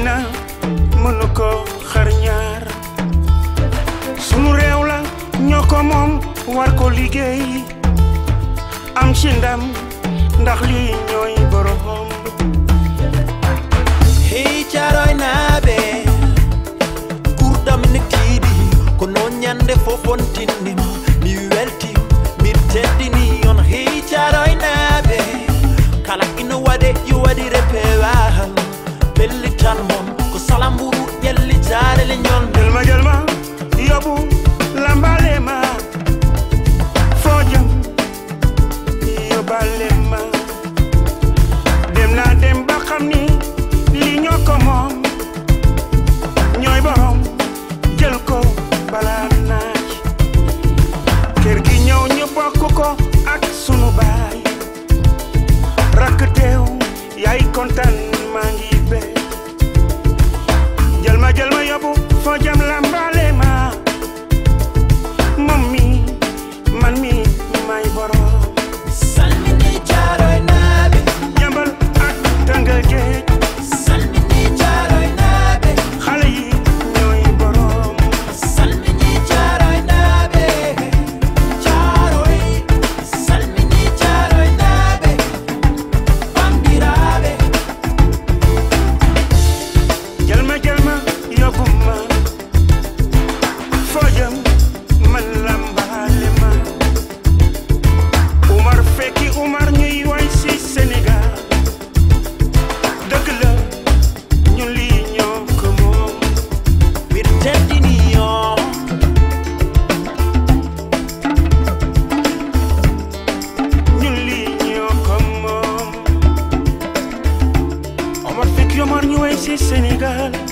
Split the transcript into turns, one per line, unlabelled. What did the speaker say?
benn mënu ko xar ñaar sunu réew la ñoo ko moom war ko liggéey am ci ndam ndax lii ñooy boroom
hey cara salam y yelli jare
le gelma gelma yobu lambalema Foyen, yobalema dem na dem ba xamni li ñoko mom ñoy borom jël ko bala naaj gi Navidad